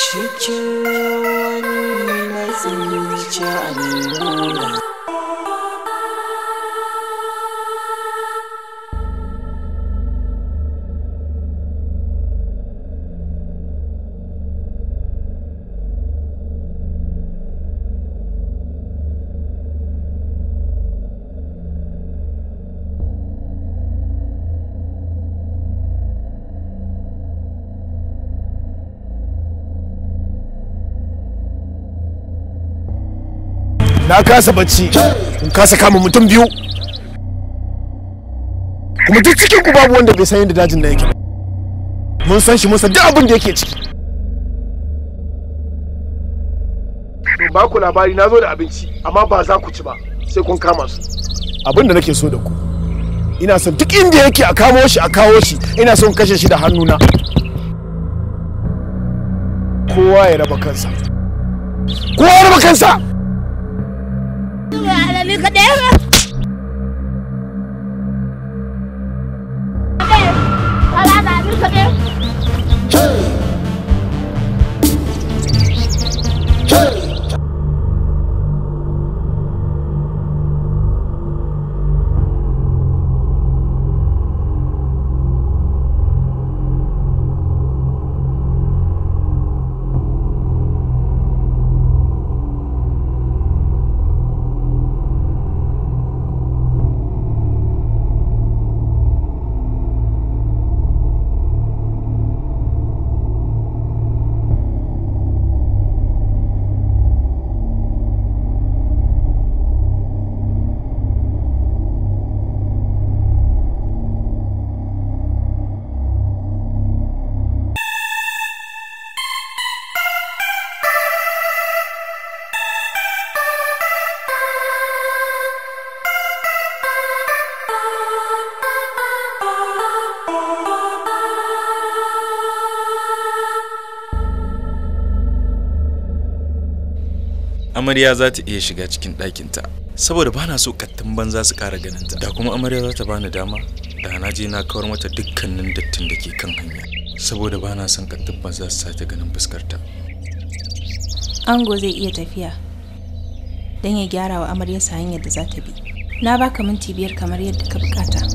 Cikin wani matsi ta allura kasa bacci in kasa kama mutum biyu kuma duk cikin ku babu wanda bai san yadda dajin na yake mun san shi mun san duk abin da yake ciki ba ku labari na zo da abinci amma ba za ku ci ba sai kun kama su abin da nake so da ku ina son duk inda yake a kamo shi a kawo shi ina son kashe shi da hannuna kowa ya raba kansa kowa ya raba kansa 你个爹！amarya za ta iya shiga cikin ɗakinta saboda ba na so kattun banza su ƙara ganinta da kuma amarya za ta bani dama da na je na kawar mata dukkanin dattin da ke kan hanya saboda ba na son kattun banza su sake ganin fuskarta ango zai iya tafiya don ya gyara wa amaryarsa hanyar da za ta bi na baka minti biyar kamar yadda ka bukata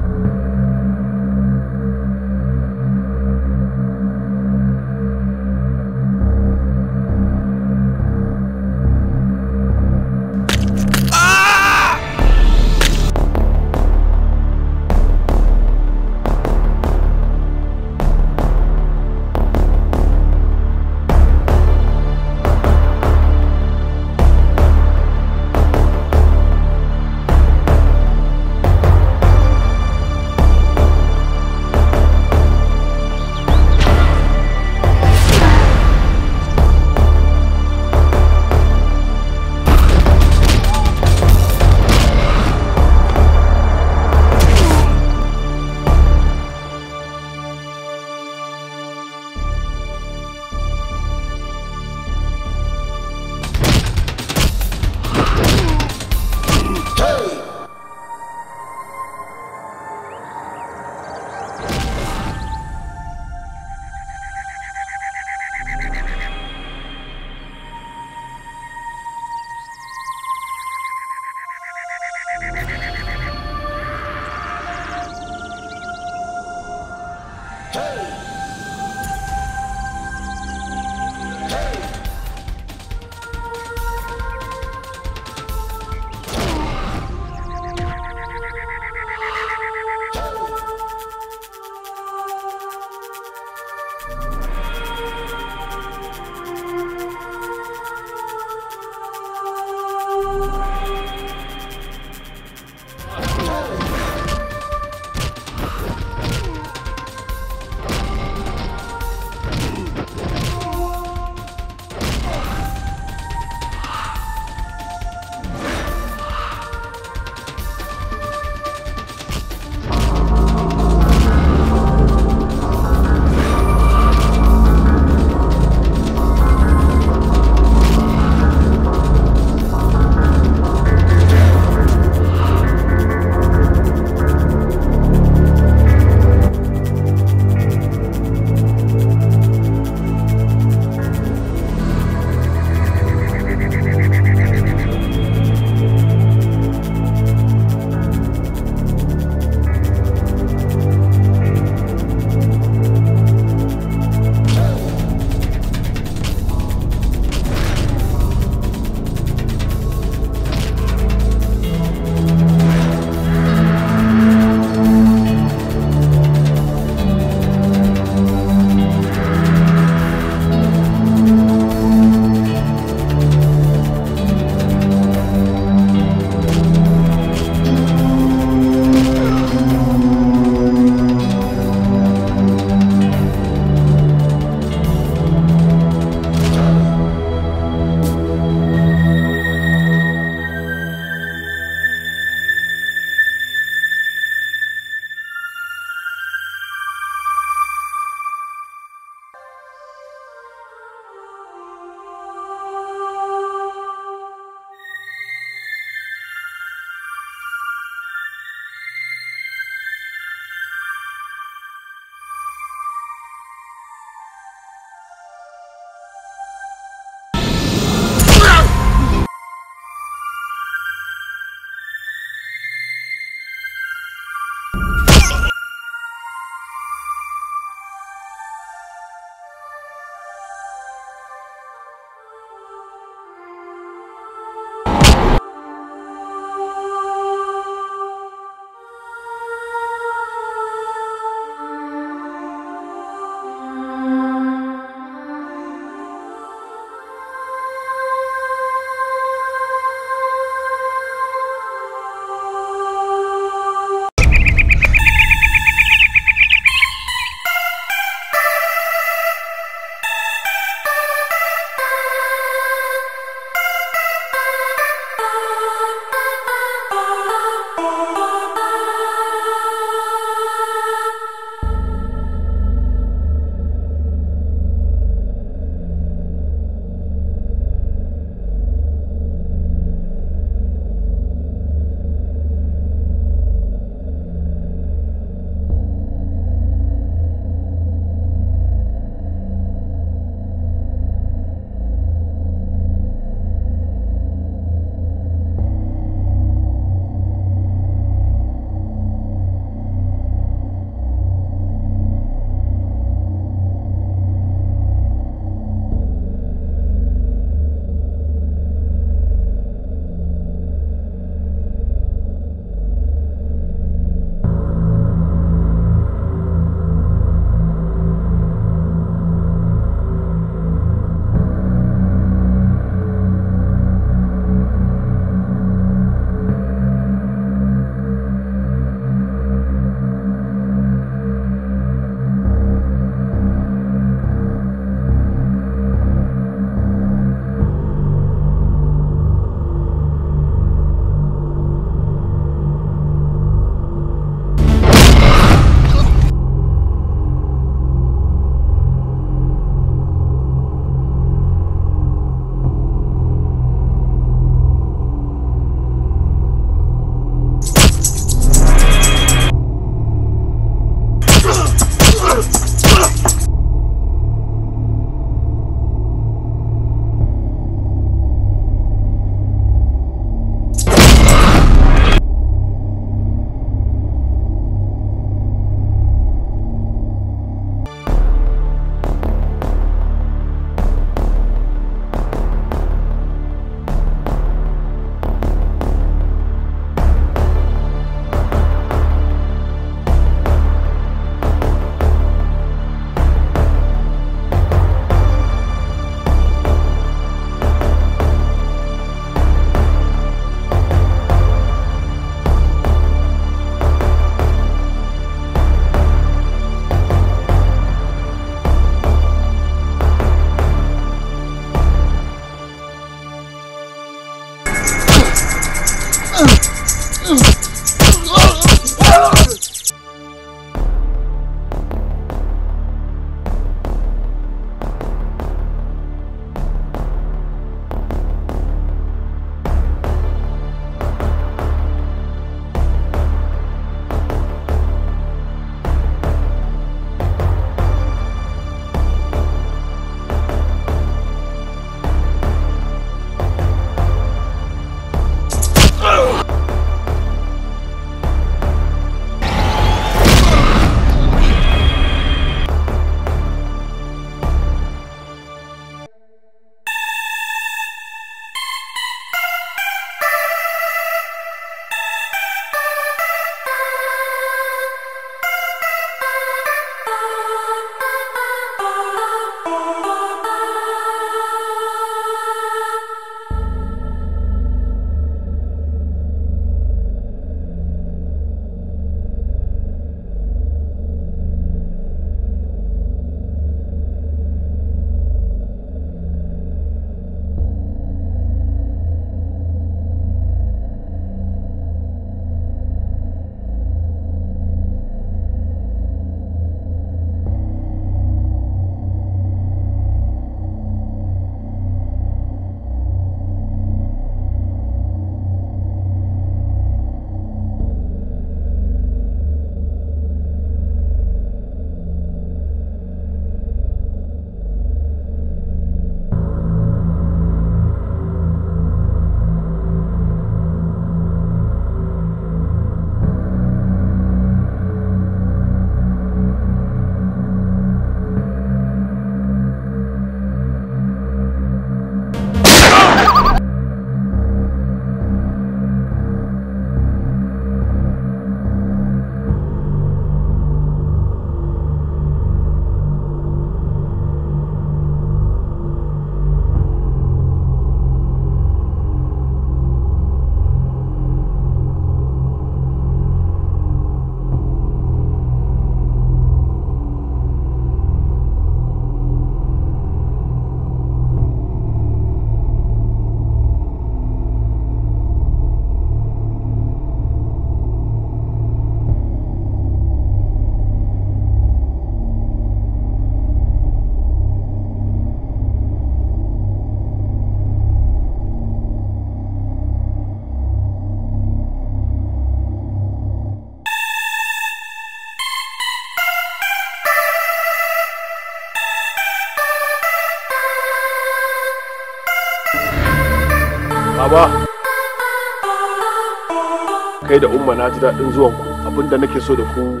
kai da umma na ji daɗin zuwan ku abinda nake so da ku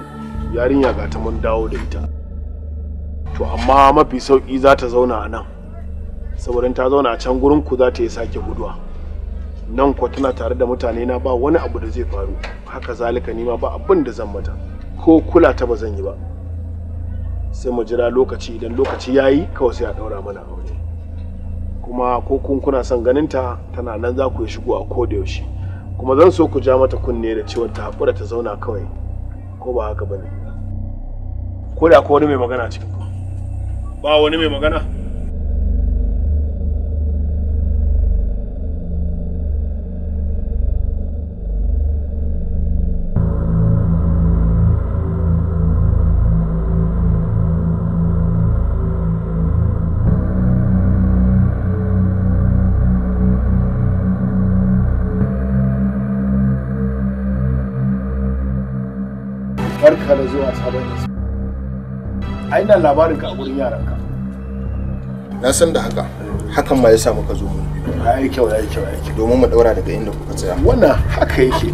yarinya ga ta mun dawo da ita to amma mafi sauki za ta zauna a nan saboda ta zauna a can gurin ku za ta yi sake guduwa nan kuwa tana tare da mutane na ba wani abu da zai faru haka zalika nima ba abin da zan mata ko kula ta ba zan yi ba sai mu jira lokaci idan lokaci ya yi kawai sai a ɗaura mana aure kuma ko kun kuna son ganinta tana nan za ku yi shigo a koda yaushe kuma zan so ku ja mata kunne da cewa ta haƙura ta zauna kawai ko ba haka ba ne ko da ko wani mai magana cikin ku ba wani mai magana aina ina labarin ka a wurin yaranka? ka na san da haka hakan ma ya sa muka zo mu ai kyau ai kyau ai kyau domin mu daura daga inda kuka tsaya wannan haka yake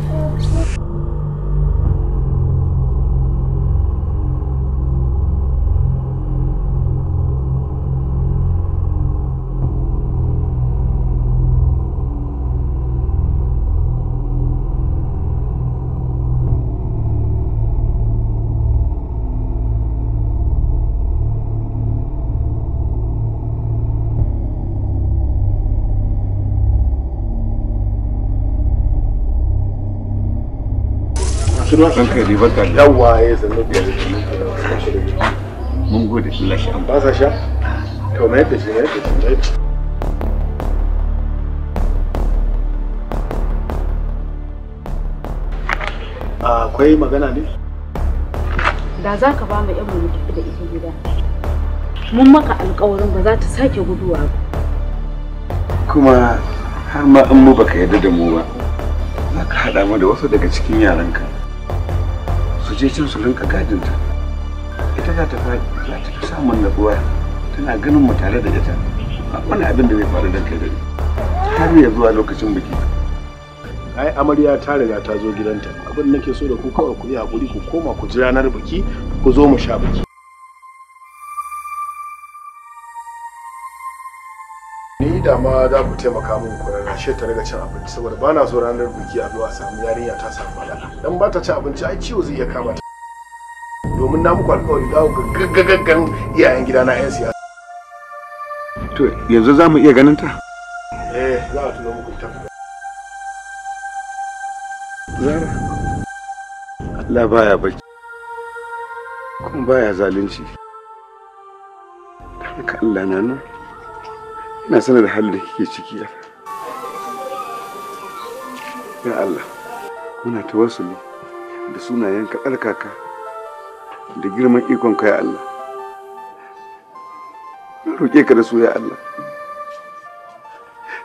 kira ranka ne barka da yawa ya zanna mun gode ba sa sha to mai da shi mai da shi akwai magana ne da za ka ba mu yan mu tafi da ita gida mun maka alƙawarin ba za ta sake guduwa ba kuma har ma in mu baka yarda da mu ba za ka haɗa mu da wasu daga cikin yaranka su je can su rinka gadin ta ita za ta za ta samun natsuwa tana ganin mu tare da ita a wani abin da zai faru da kai da har ya zuwa lokacin biki ai amarya ta riga ta zo gidanta abin nake so da ku kawai ku yi hakuri ku koma ku ji ranar biki ku zo mu sha biki dama za ku taimaka min ku rarrashe ta daga cin abinci saboda ba na so ranar biki a zuwa samu yarinya ta samu matsala dan ba ta cin abinci ai ciwo zai iya kama ta domin na muku alƙawari za ku gaggagaggan iyayen gida na 'yan siyasa. To yanzu za mu iya ganin ta? Eh za a tuno muku ta. Zara. Allah baya bacci. Kuma baya zalunci. Haka Allah na nan. na sanar da halin da kike ciki ya ya Allah muna tawassuli da sunayen ka tsarkaka da girman ikon ka ya Allah na roƙe ka da su ya Allah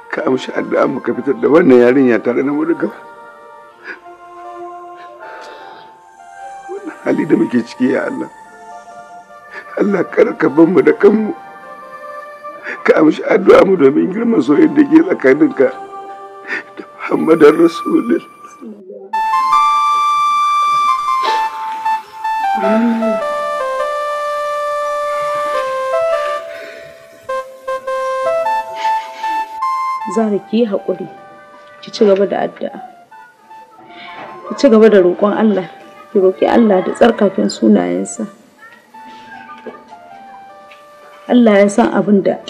ka amshi addu'a mu ka fitar da wannan yarinya tare da mu wannan hali da muke ciki ya Allah Allah kar ka bar mu da kanmu ka amshi addu'a mu domin girman soyayya da ke tsakaninka da Muhammadar Rasulullah. Zara ki haƙuri, ki ci gaba da addu'a. Ki ci gaba da roƙon Allah, ki roƙi Allah da tsarkakin sunayensa. Allah ya san abin da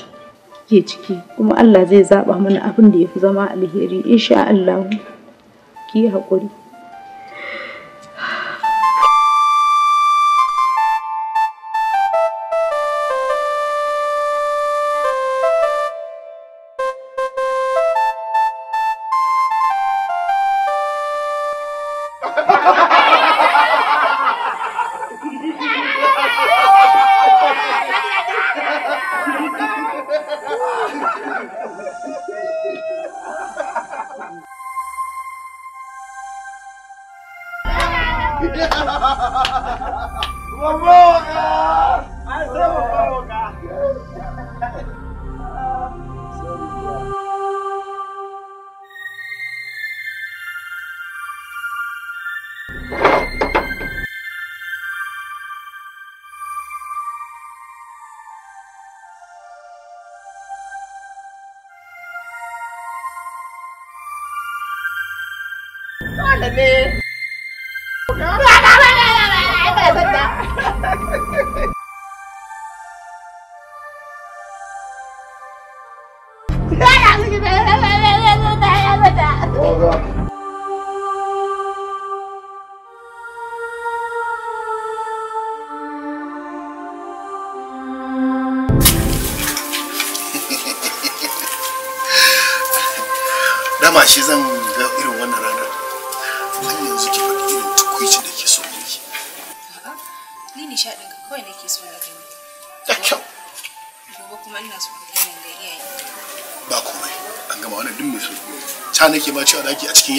ke ciki kuma Allah zai zaɓa mana abin da ya fi zama alheri insha Allah ki haƙuri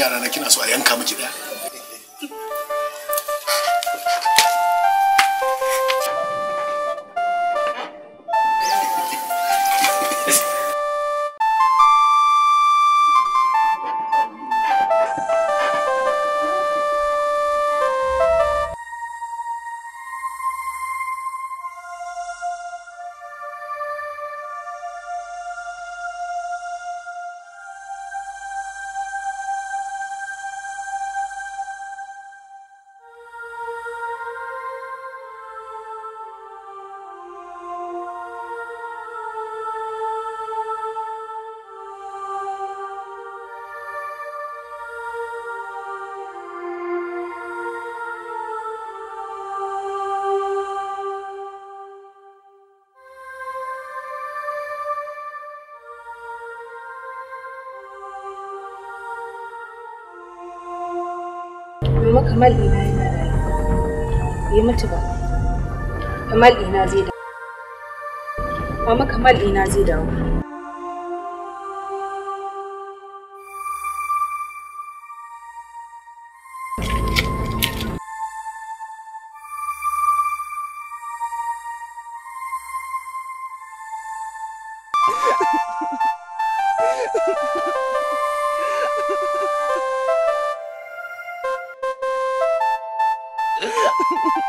mañana en kuma kamal ina yana kamal ina zai dawo kamal ina zai dawo Thank you.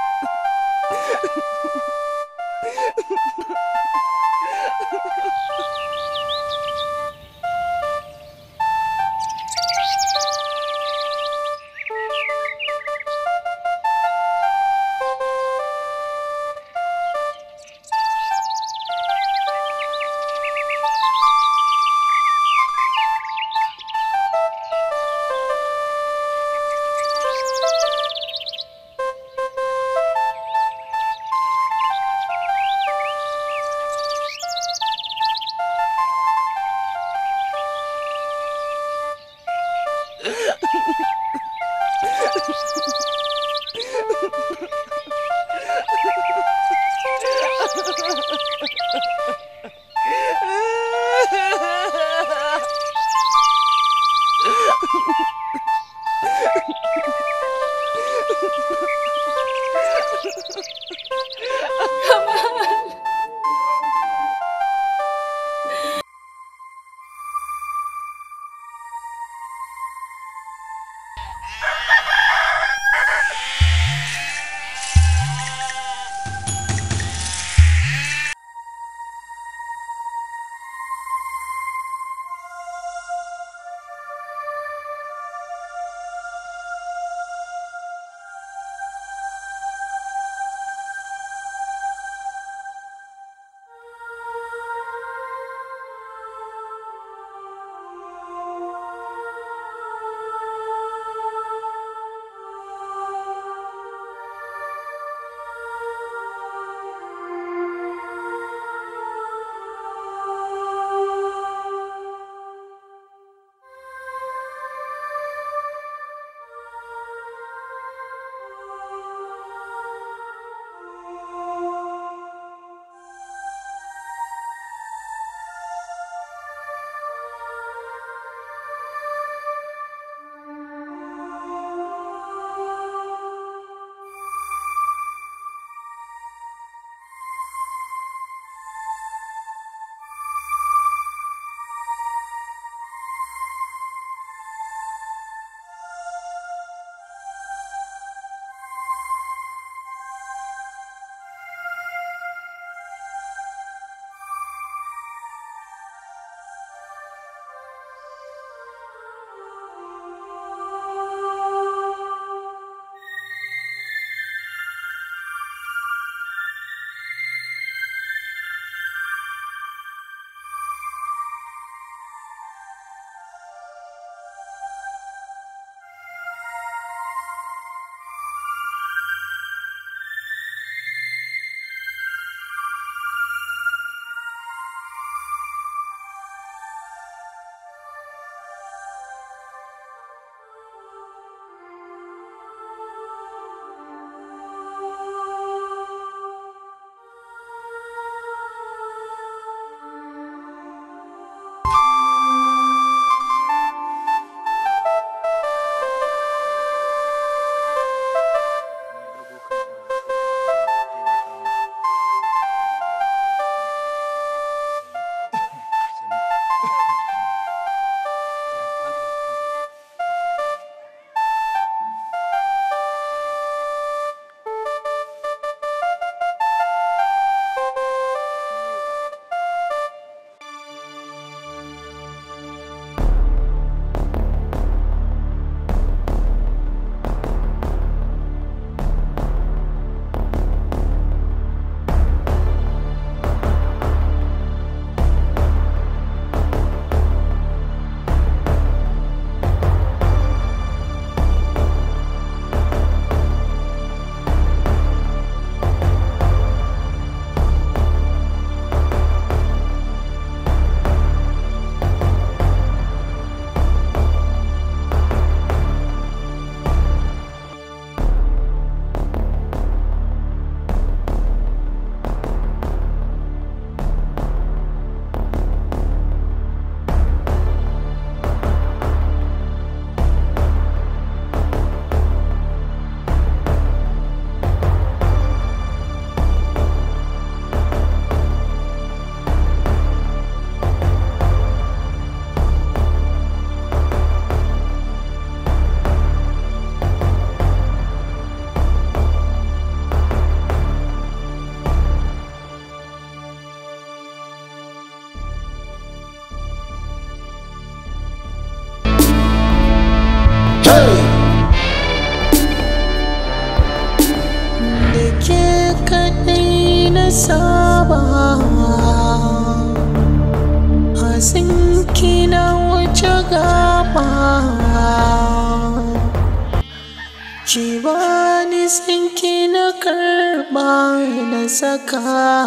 ba na saka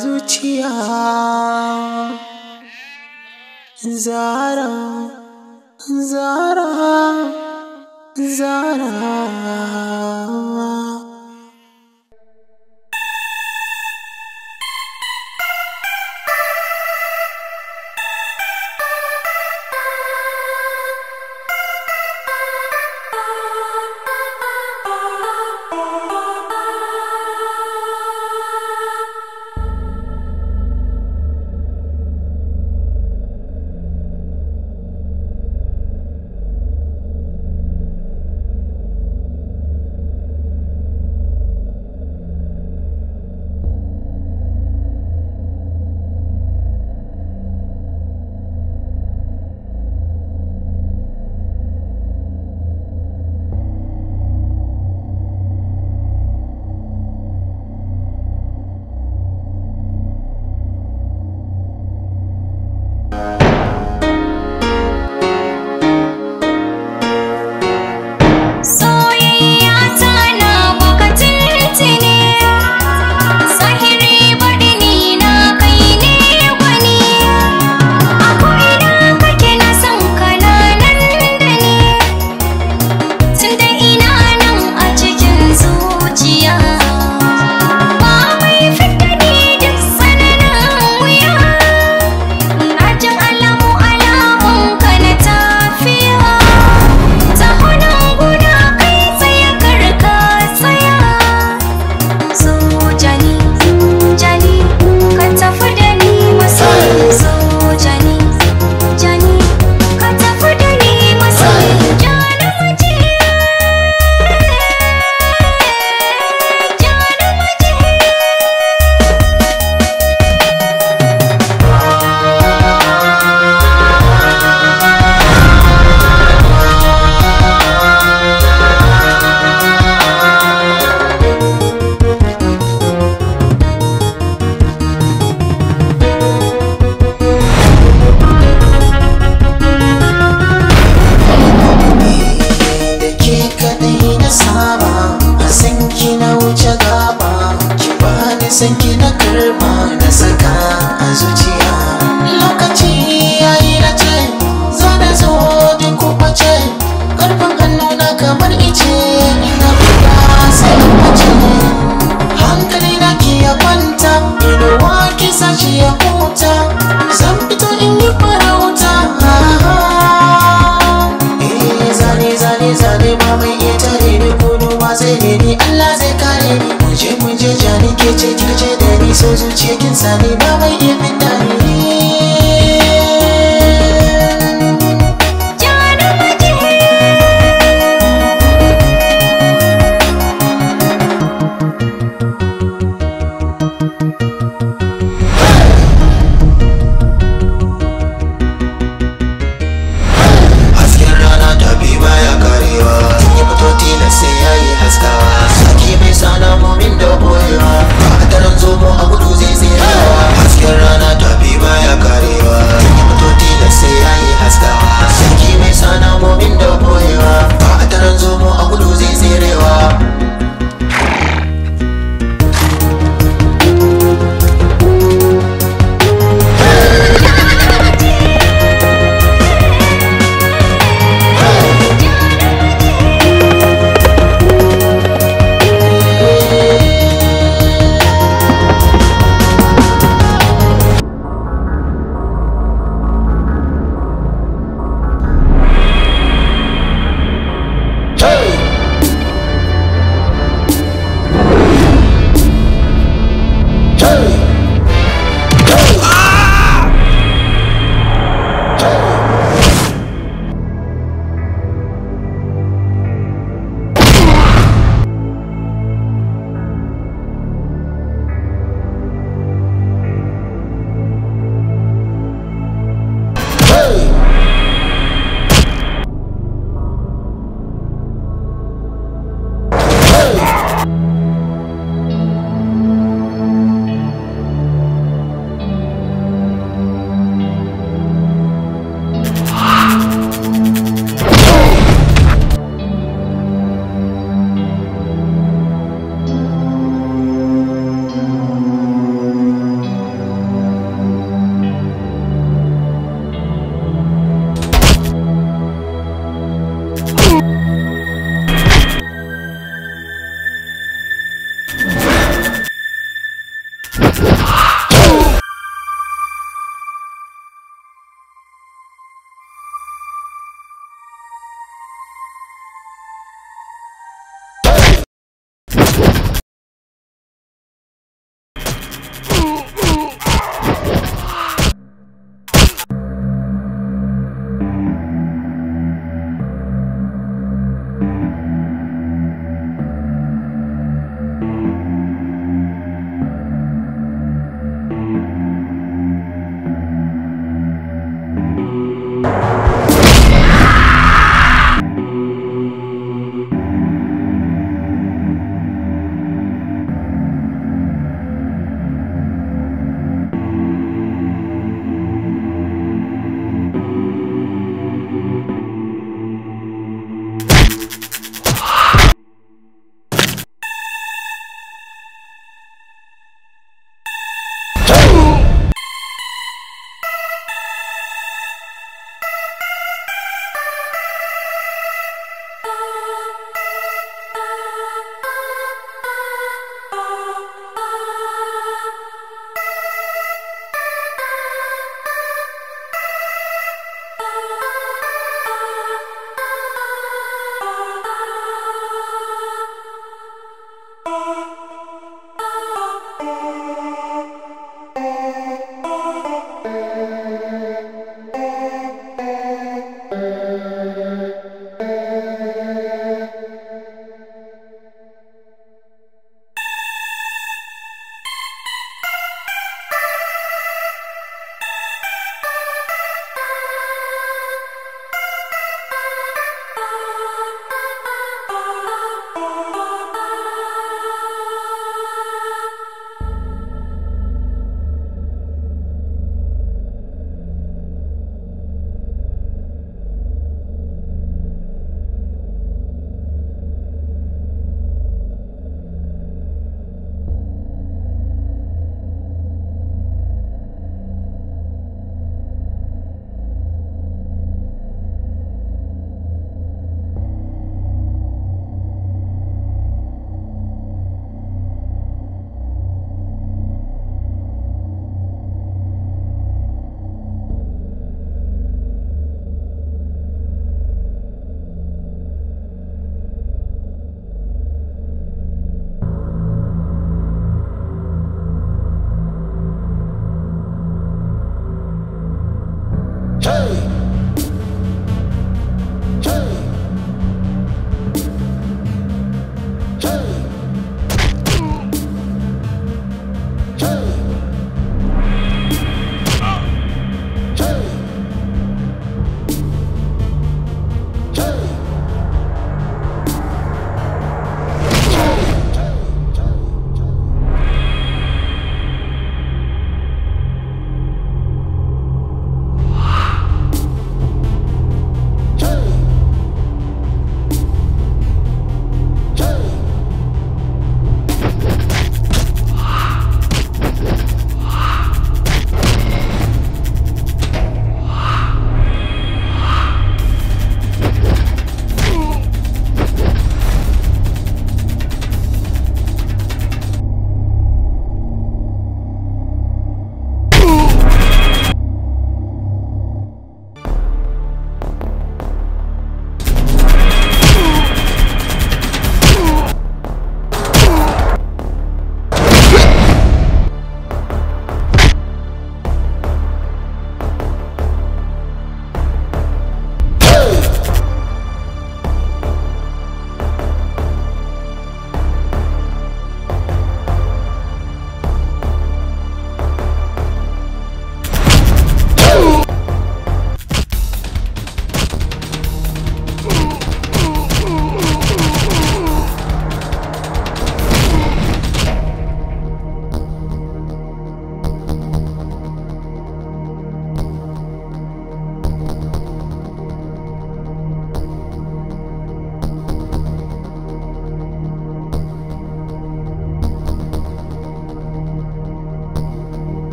zuciya zara zara zara nan sai yayi haskawa Saki mai sana mumin da boyewa A daren zomo a gudu zai tserewa Hasken rana ta fi baya karewa Mutoti nan sai yayi haskawa Saki mai sana mumin da boyewa A daren zomo a gudu zai tserewa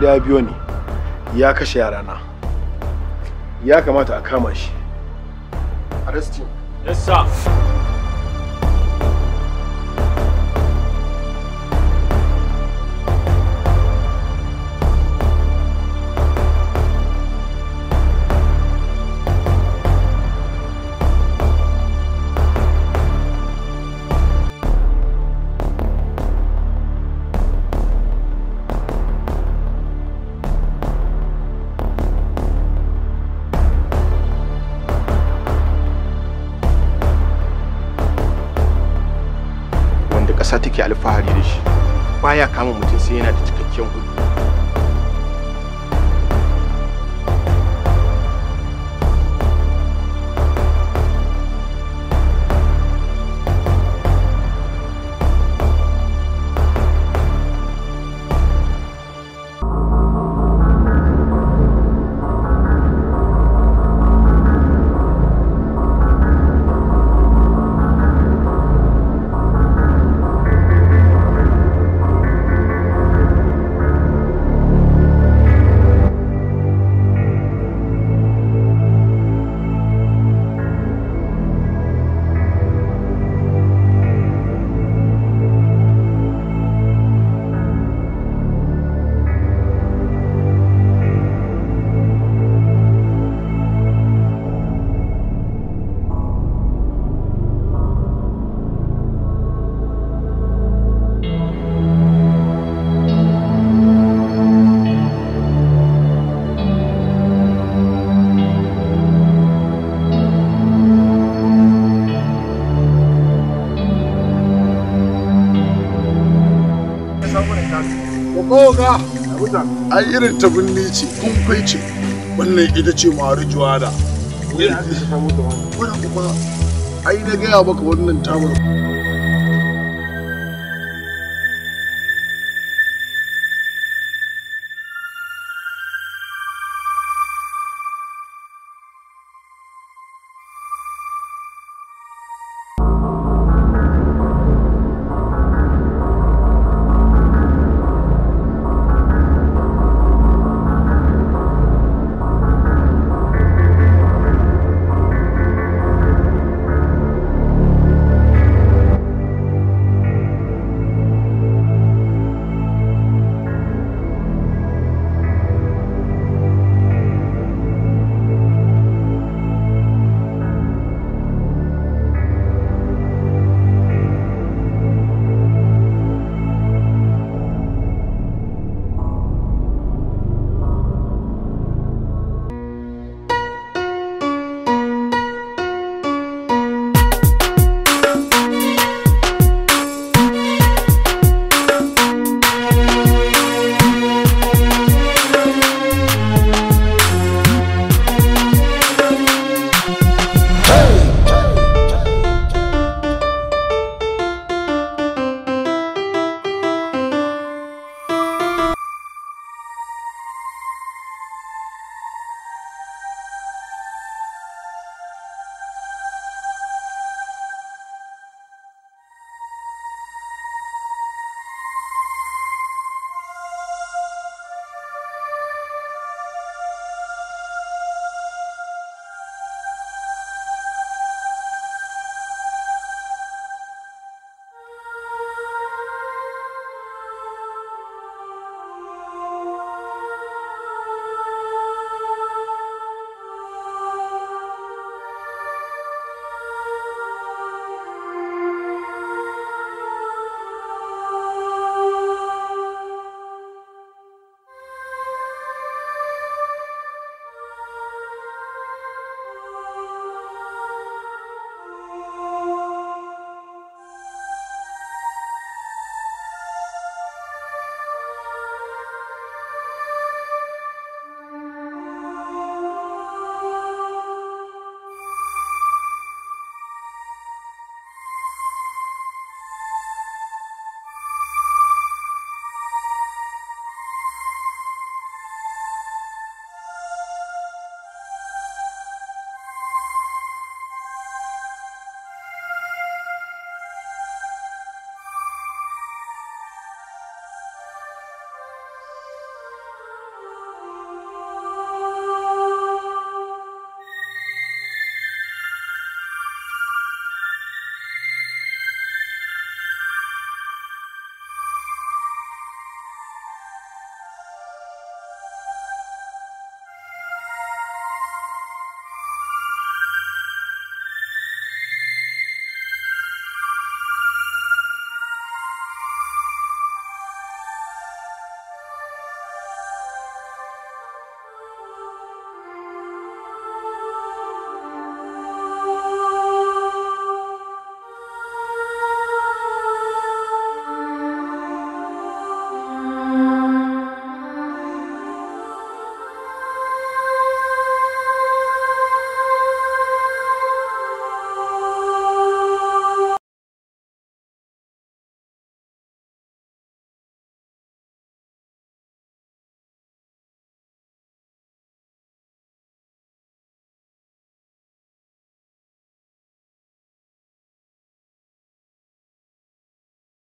gida biyu ne ya kashe yarana ya kamata a kama shi arrestin yes sir irin ta binni ce kumfai ce wannan ita ce marijuana wani kuma ai na gaya baka wannan tamar